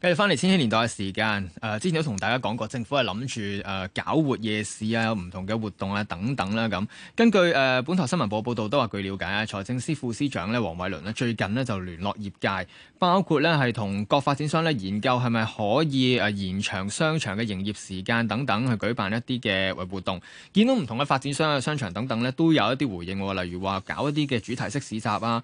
繼續翻嚟千禧年代嘅時間，誒之前都同大家講過，政府係諗住誒搞活夜市啊，有唔同嘅活動啊等等啦咁。根據誒本台新聞報道都話，據了解，財政司副司長咧黃偉綸最近就聯絡業界，包括咧係同各發展商咧研究係咪可以延長商場嘅營業時間等等，去舉辦一啲嘅活動。見到唔同嘅發展商嘅商場等等咧，都有一啲回應，例如話搞一啲嘅主題式市集啊，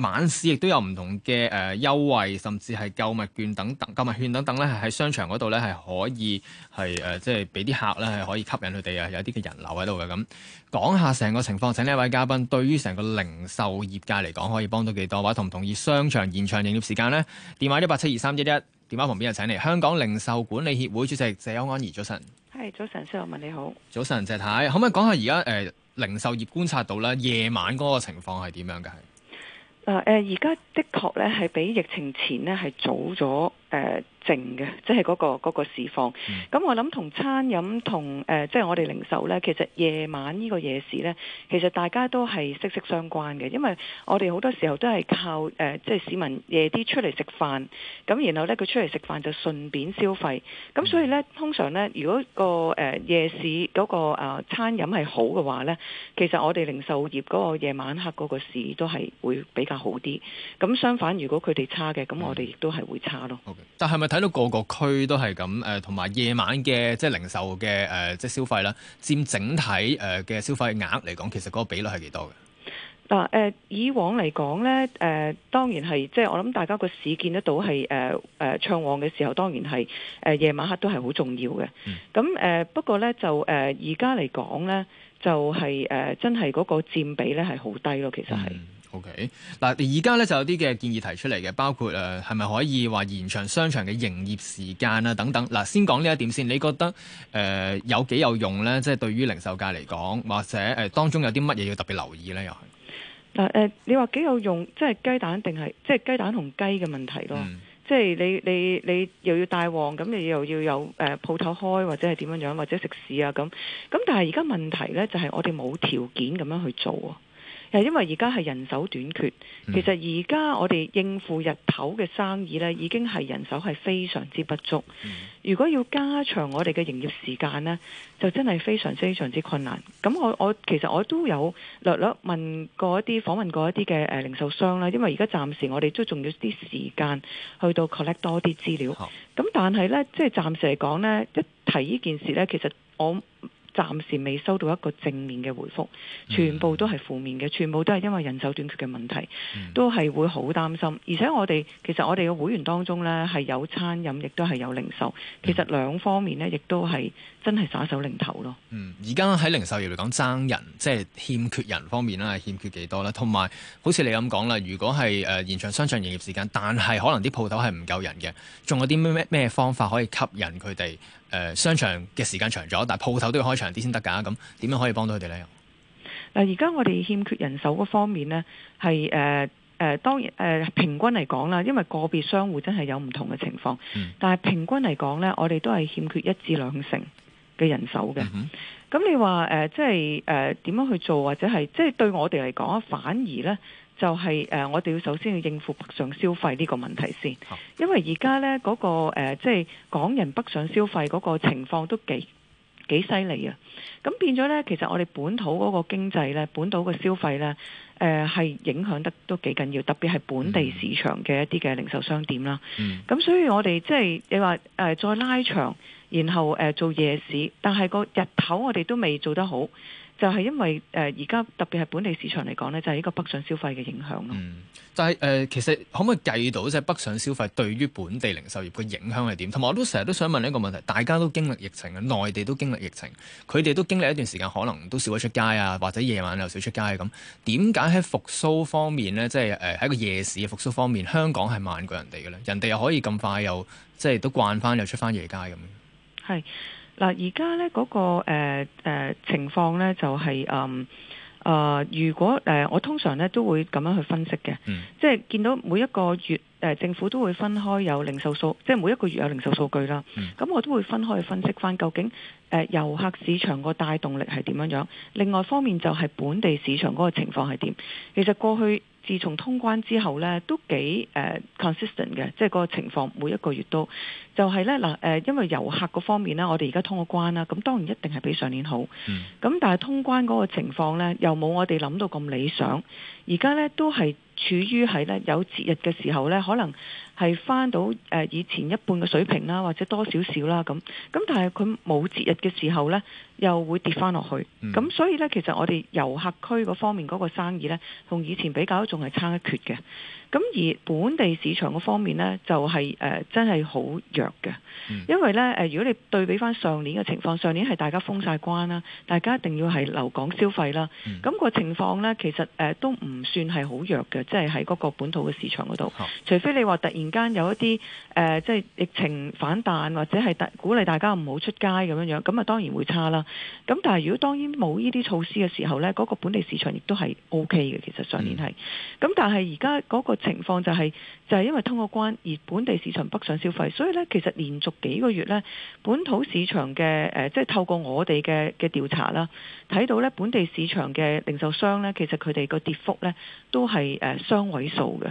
晚市亦都有唔同嘅誒優惠，甚至係購物券等等。購物券等等咧，喺商場嗰度咧，係可以係誒、呃，即係俾啲客咧，係可以吸引佢哋啊，有啲嘅人流喺度嘅咁。講下成個情況，請呢位嘉賓對於成個零售業界嚟講，可以幫到幾多？或者同唔同意商場延長營業時間呢？電話一八七二三一一，電話旁邊就請嚟香港零售管理協會主席謝安儀，早晨。係早晨，施學文你好。早晨，謝太，可唔可以講下而家誒零售業觀察到咧夜晚嗰個情況係點樣嘅？係而家的確咧係比疫情前呢，係早咗。誒、呃、靜嘅，即係嗰、嗰個嗰個市況。咁我諗同餐飲同誒，即係我哋零售呢，其實夜晚呢個夜市呢，其實大家都係息息相關嘅。因為我哋好多時候都係靠誒、呃，即係市民夜啲出嚟食飯。咁然後呢，佢出嚟食飯就順便消費。咁所以呢，通常呢，如果、個誒、呃、夜市嗰、個、呃、餐飲係好嘅話呢，其實我哋零售業嗰個夜晚黑嗰個市都係會比較好啲。咁相反，如果佢哋差嘅，咁我哋亦都係會差咯。Okay. 但係咪睇到個個區都係咁？誒、呃，同埋夜晚嘅即係零售嘅誒、呃，即係消費啦，佔整體誒嘅、呃、消費額嚟講，其實個比率係幾多嘅？嗱、啊，誒、呃、以往嚟講咧，誒、呃、當然係即係我諗大家個市見得到係誒誒暢旺嘅時候，當然係誒、呃、夜晚黑都係好重要嘅。咁、嗯、誒、呃、不過咧就誒而家嚟講咧，就係誒、呃就係呃、真係嗰個佔比咧係好低咯，其實係。嗯 O.K. 嗱，而家咧就有啲嘅建議提出嚟嘅，包括誒係咪可以話延長商場嘅營業時間啊等等。嗱，先講呢一點先。你覺得誒有幾有用咧？即係對於零售界嚟講，或者誒當中有啲乜嘢要特別留意咧？又係嗱誒，你話幾有用？即係雞蛋定係即係雞蛋同雞嘅問題咯、嗯。即係你你你又要帶旺，咁你又要有誒鋪頭開或者係點樣樣，或者食肆啊咁。咁但係而家問題咧就係我哋冇條件咁樣去做啊。因為而家係人手短缺，其實而家我哋應付日頭嘅生意呢，已經係人手係非常之不足。如果要加長我哋嘅營業時間呢，就真係非常非常之困難。咁我我其實我都有略略問過一啲訪問過一啲嘅誒零售商啦，因為而家暫時我哋都仲要啲時間去到 collect 多啲資料。咁但係呢，即係暫時嚟講呢，一提呢件事呢，其實我，暫時未收到一個正面嘅回覆，全部都係負面嘅，全部都係因為人手短缺嘅問題，都係會好擔心。而且我哋其實我哋嘅會員當中呢，係有餐飲，亦都係有零售，其實兩方面呢，亦都係真係耍手擰頭咯。嗯，而家喺零售業嚟講爭人，即係欠缺人方面啦，係欠缺幾多啦？同埋好似你咁講啦，如果係誒延長商場營業時間，但係可能啲鋪頭係唔夠人嘅，仲有啲咩咩方法可以吸引佢哋？誒，商場嘅時間長咗，但係鋪頭都要開長啲先得㗎。咁點樣可以幫到佢哋呢？嗱，而家我哋欠缺人手嗰方面呢，係誒誒，當然誒，平均嚟講啦，因為個別商戶真係有唔同嘅情況，嗯。但係平均嚟講呢，我哋都係欠缺一至兩成嘅人手嘅。咁、嗯、你話誒，即係誒，點、即係呃、樣去做或者係即係對我哋嚟講，反而呢。就係、是呃、我哋要首先要應付北上消費呢個問題先，因為而家呢嗰、那個即係、呃就是、港人北上消費嗰個情況都幾幾犀利啊！咁變咗呢，其實我哋本土嗰個經濟呢，本土嘅消費呢，係、呃、影響得都幾緊要，特別係本地市場嘅一啲嘅零售商店啦。咁、嗯、所以我哋即係你話、呃、再拉長，然後、呃、做夜市，但係個日頭我哋都未做得好。就係、是、因為誒而家特別係本地市場嚟講呢就係一個北上消費嘅影響咯、嗯。就係、是、誒、呃，其實可唔可以計到即係北上消費對於本地零售業嘅影響係點？同埋我都成日都想問一個問題，大家都經歷疫情啊，內地都經歷疫情，佢哋都經歷一段時間，可能都少咗出街啊，或者夜晚又少出街咁。點解喺復甦方面呢？即係誒喺一個夜市嘅復甦方面，香港係慢過人哋嘅咧？人哋又可以咁快又即係都慣翻又出翻夜街咁。係。嗱、那個，而家咧嗰個誒情況咧就係誒誒，如果誒、呃、我通常咧都會咁樣去分析嘅、嗯，即係見到每一個月誒政府都會分開有零售數，即係每一個月有零售數據啦。咁、嗯、我都會分開去分析翻，究竟。誒、呃，遊客市場個帶動力係點樣樣？另外方面就係本地市場嗰個情況係點？其實過去自從通關之後呢，都幾誒、uh, consistent 嘅，即、就、係、是、個情況每一個月都就係、是、呢，嗱、呃、誒，因為遊客嗰方面呢，我哋而家通咗關啦，咁當然一定係比上年好。咁、嗯、但係通關嗰個情況呢，又冇我哋諗到咁理想。而家呢，都係。處於係咧有節日嘅時候咧，可能係翻到誒以前一半嘅水平啦，或者多少少啦咁。咁但係佢冇節日嘅時候咧。又會跌翻落去，咁、嗯、所以呢，其實我哋遊客區嗰方面嗰個生意呢，同以前比較仲係差一缺嘅。咁而本地市場嗰方面呢，就係、是、誒、呃、真係好弱嘅、嗯，因為呢，如果你對比翻上年嘅情況，上年係大家封晒關啦，大家一定要係留港消費啦，咁、嗯、個情況呢，其實誒、呃、都唔算係好弱嘅，即係喺嗰個本土嘅市場嗰度，除非你話突然間有一啲誒、呃、即係疫情反彈或者係鼓勵大家唔好出街咁樣樣，咁咪當然會差啦。咁但係如果當然冇呢啲措施嘅時候呢，嗰、嗰個本地市場亦都係 O K 嘅。其實上年係，咁但係而家嗰個情況就係、係、就係、係、因為通過關而本地市場北上消費，所以呢，其實連續幾個月呢，本土市場嘅誒即係透過我哋嘅嘅調查啦，睇到呢本地市場嘅零售商呢，其實佢哋個跌幅呢都係誒雙位數嘅，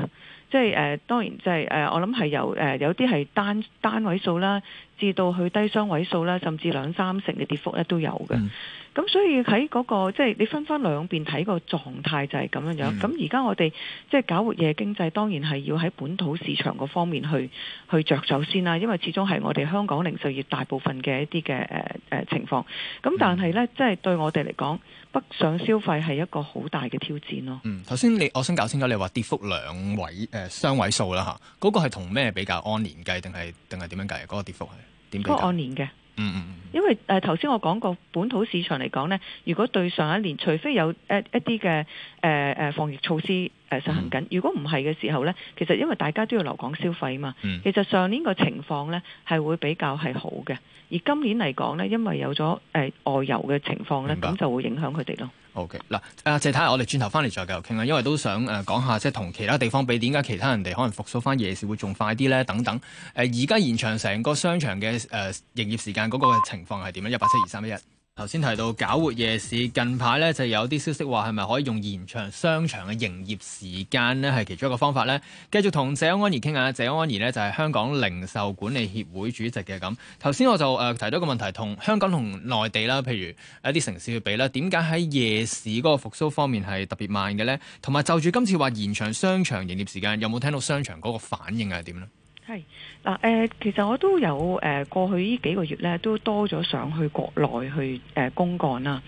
即係誒、呃、當然即係誒我諗係由誒有啲係、呃、單單位數啦。至到去低雙位數啦，甚至兩三成嘅跌幅咧都有嘅。咁、嗯、所以喺嗰、那個即係、就是、你分翻兩邊睇個狀態就係咁樣樣。咁而家我哋即係搞活夜經濟，當然係要喺本土市場個方面去去著手先啦。因為始終係我哋香港零售業大部分嘅一啲嘅誒誒情況。咁但係呢，即、嗯、係、就是、對我哋嚟講，北上消費係一個好大嘅挑戰咯。嗯，頭先你我想搞清楚，你話跌幅兩位誒、呃、雙位數啦嚇，嗰、那個係同咩比較按年計定係定係點樣計啊？嗰、那個跌幅係？嗰個按年嘅，嗯嗯，因為誒頭先我講過本土市場嚟講咧，如果對上一年，除非有一一啲嘅誒誒防疫措施。誒、嗯、實行緊，如果唔係嘅時候呢，其實因為大家都要留港消費嘛、嗯，其實上年個情況呢係會比較係好嘅，而今年嚟講呢，因為有咗誒外遊嘅情況呢，咁就會影響佢哋咯。OK 嗱、呃，謝太，我哋轉頭翻嚟再繼續傾啦，因為都想誒講、呃、下即係同其他地方比，點解其他人哋可能復甦翻夜市會仲快啲呢？等等。誒而家現場成個商場嘅誒營業時間嗰個情況係點咧？一百七二三一。日。頭先提到搞活夜市，近排咧就有啲消息話係咪可以用延長商場嘅營業時間呢係其中一個方法呢？繼續同謝安儀傾下，謝安儀呢就係香港零售管理協會主席嘅咁。頭先我就誒提到個問題，同香港同內地啦，譬如一啲城市去比啦，點解喺夜市嗰個復甦方面係特別慢嘅呢？同埋就住今次話延長商場營業時間，有冇聽到商場嗰個反應係點呢？係嗱、呃，其實我都有誒、呃、過去依幾個月咧，都多咗想去國內去、呃、公幹啦。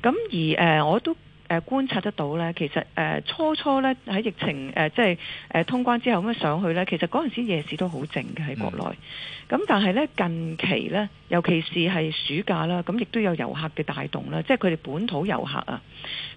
咁而、呃、我都，誒、呃、觀察得到咧，其實誒、呃、初初咧喺疫情誒、呃、即係誒、呃、通關之後咁樣上去咧，其實嗰陣時夜市都好靜嘅喺國內。咁、mm -hmm. 但係咧近期咧，尤其是係暑假啦，咁亦都有遊客嘅帶動啦，即係佢哋本土遊客啊。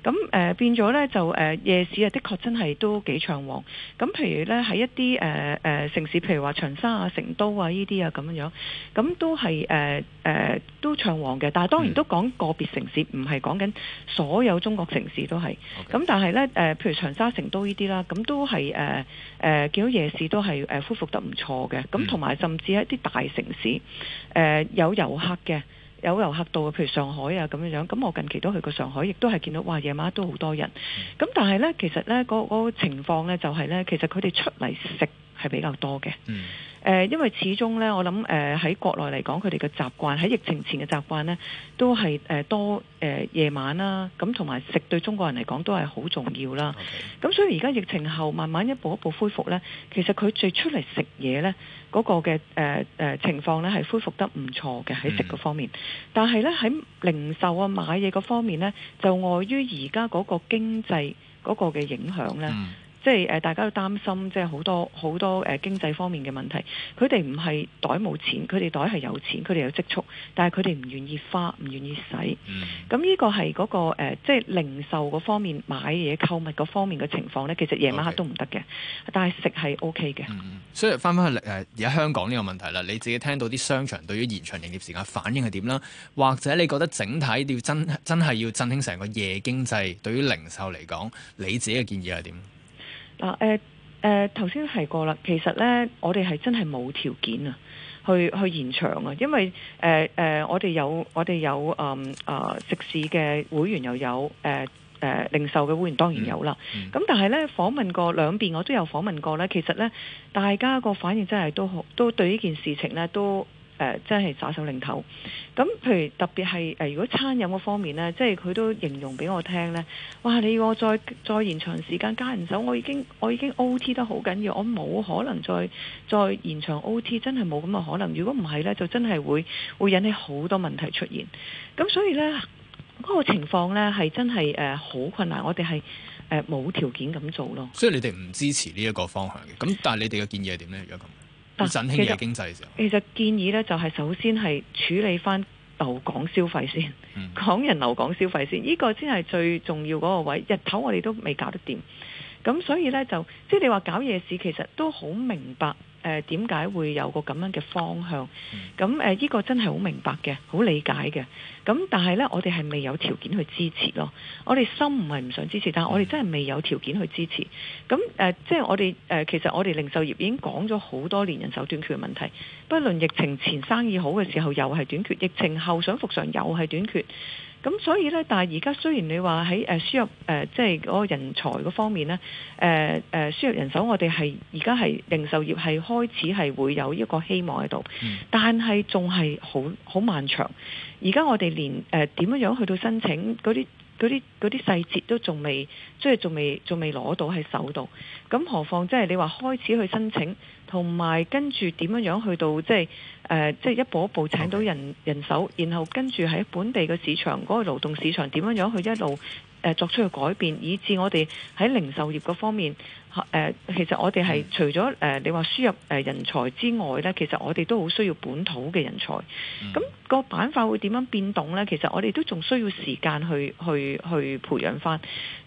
咁誒、呃、變咗咧就誒、呃、夜市啊，的確真係都幾暢旺。咁譬如咧喺一啲誒誒城市，譬如話長沙啊、成都啊依啲啊咁樣樣，咁都係誒誒都暢旺嘅。但係當然都講個別城市，唔係講緊所有中國城市都係，咁、okay. 但係呢，誒、呃，譬如長沙、成都呢啲啦，咁都係誒誒，見到夜市都係誒恢復得唔錯嘅，咁同埋甚至一啲大城市，誒、呃、有遊客嘅，有遊客到嘅，譬如上海啊咁樣樣，咁我近期都去過上海，亦都係見到，哇，夜晚都好多人，咁但係呢，其實呢嗰、嗰個嗰個情況呢，就係呢，其實佢哋出嚟食。係比較多嘅，誒、嗯，因為始終呢，我諗誒喺國內嚟講，佢哋嘅習慣喺疫情前嘅習慣呢，都係誒多誒夜晚啦，咁同埋食對中國人嚟講都係好重要啦。咁、Okay. 所以而家疫情後慢慢一步一步恢復呢，其實佢最出嚟食嘢呢嗰個嘅誒誒情況呢，係、那個呃呃、恢復得唔錯嘅喺食嗰方面，嗯、但係呢，喺零售啊買嘢嗰方面呢，就礙於而家嗰個經濟嗰個嘅影響呢。嗯即係大家都擔心，即係好多好多誒經濟方面嘅問題。佢哋唔係袋冇錢，佢哋袋係有錢，佢哋有積蓄，但係佢哋唔願意花，唔願意使。咁、嗯、呢個係嗰、嗰個即係、呃就係、零售嗰方面買嘢、購物嗰方面嘅情況呢，其實夜晚黑都唔得嘅，okay. 但係食係 O K 嘅。所以翻返去而家香港呢個問題啦，你自己聽到啲商場對於延長營業時間反應係點啦，或者你覺得整體要真真係要振興成個夜經濟，對於零售嚟講，你自己嘅建議係點？啊、誒、誒頭先提過啦，其實咧我哋係真係冇條件啊，去去延長啊，因為、呃呃、我哋有我哋有、嗯呃、食肆嘅會員又有、呃呃、零售嘅會員當然有啦，咁、嗯嗯、但係咧訪問過兩邊我都有訪問過咧，其實咧大家個反應真係都好，都對呢件事情咧都。誒、呃，真係耍手擰頭。咁譬如特別係誒、呃，如果餐飲嗰方面呢，即係佢都形容俾我聽呢：「哇！你要我再再延長時間加人手，我已經我已經 O.T. 得好緊要，我冇可能再再延長 O.T.」真係冇咁嘅可能。如果唔係呢，就真係會會引起好多問題出現。咁所以呢，嗰、那個情況呢係真係誒好困難，我哋係誒冇條件咁做咯。所以你哋唔支持呢一個方向嘅。咁但係你哋嘅建議係點呢？如果咁？提振興嘅經濟嘅時候，其實建議咧就係首先係處理翻留港消費先，嗯、港人留港消費先，呢、呢個先係最重要嗰個位。日頭我哋都未搞得掂。咁所以呢，就即係你話搞夜市，其實都好明白誒，點、呃、解會有個咁樣嘅方向？咁誒，呢、呃這個真係好明白嘅，好理解嘅。咁但係呢，我哋係未有條件去支持咯。我哋心唔係唔想支持，但係我哋真係未有條件去支持。咁誒，即、呃、係、就是、我哋誒、呃，其實我哋零售業已經講咗好多年，人手短缺問題。不論疫情前生意好嘅時候，又係短缺；疫情後想復常，又係短缺。咁所以咧，但係而家雖然你話喺誒輸入誒即係嗰個人才嗰方面咧，誒、呃、誒、呃、輸入人手我哋係，我哋係而家係零售業係開始係會有一個希望喺度，嗯、但係仲係好好漫長。而家我哋連誒點樣樣去到申請嗰啲。嗰啲嗰啲細節都仲未，即係仲未仲未攞到喺手度，咁何況，即係你話開始去申請，同埋跟住點樣樣去到即係誒，即係一步一步請到人人手，然後跟住喺本地嘅市場嗰個勞動市場點樣樣去一路。誒作出嘅改變，以至我哋喺零售業嗰方面，誒其實我哋係除咗誒你話輸入人才之外咧，其實我哋都好需要本土嘅人才。咁、那個板塊會點樣變動咧？其實我哋都仲需要時間去去去培養返。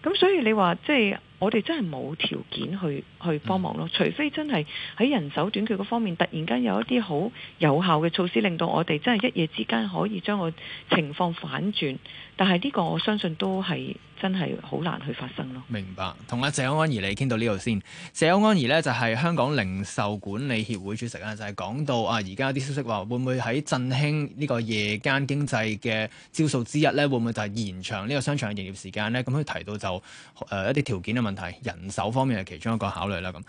咁所以你話即係。就是我哋真係冇條件去去幫忙咯，除非真係喺人手短缺嗰方面，突然間有一啲好有效嘅措施，令到我哋真係一夜之間可以將個情況反轉。但係呢個我相信都係，真係好難去發生咯。明白，同阿謝安儀你傾到呢度先。謝安儀呢就係香港零售管理協會主席啦，就係、是、講到啊，而家有啲消息話會唔會喺振興呢個夜間經濟嘅招數之一呢？會唔會就係延長呢個商場嘅營業時間呢？咁佢提到就誒、呃、一啲條件嘅問題，人手方面係其中一個考慮啦。咁，